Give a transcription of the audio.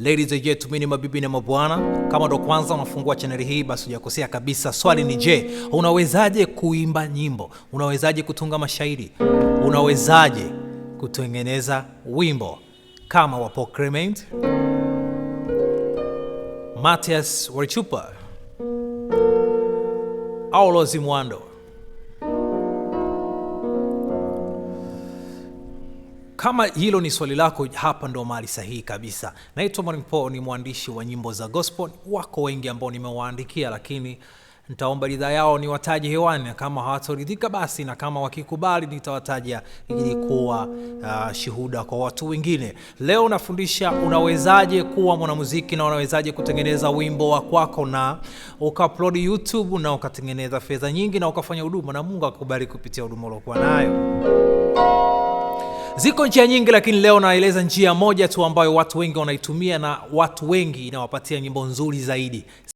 Ladies and gentlemen, mabibi na mabwana, kama ndo kwanza unafungua chaneli hii, basi hujakosea kabisa. Swali ni je, unawezaje kuimba nyimbo? Unawezaje kutunga mashairi? Unawezaje kutengeneza wimbo kama wa Paul Clement, Mathias Warichupa au Rose Kama hilo ni swali lako, hapa ndo mahali sahihi kabisa. Naitwa Mwalimu po ni mwandishi wa nyimbo za gospel. Wako wengi ambao nimewaandikia, lakini nitaomba ridhaa yao niwataje hewani. Kama hawatoridhika basi, na kama wakikubali nitawataja ili kuwa uh, shuhuda kwa watu wengine. Leo nafundisha unawezaje kuwa mwanamuziki na unawezaje kutengeneza wimbo wa kwako na ukaupload YouTube na ukatengeneza fedha nyingi na ukafanya huduma na Mungu akakubali kupitia huduma uliokuwa nayo. Ziko njia nyingi, lakini leo naeleza njia moja tu ambayo watu wengi wanaitumia na watu wengi inawapatia nyimbo nzuri zaidi.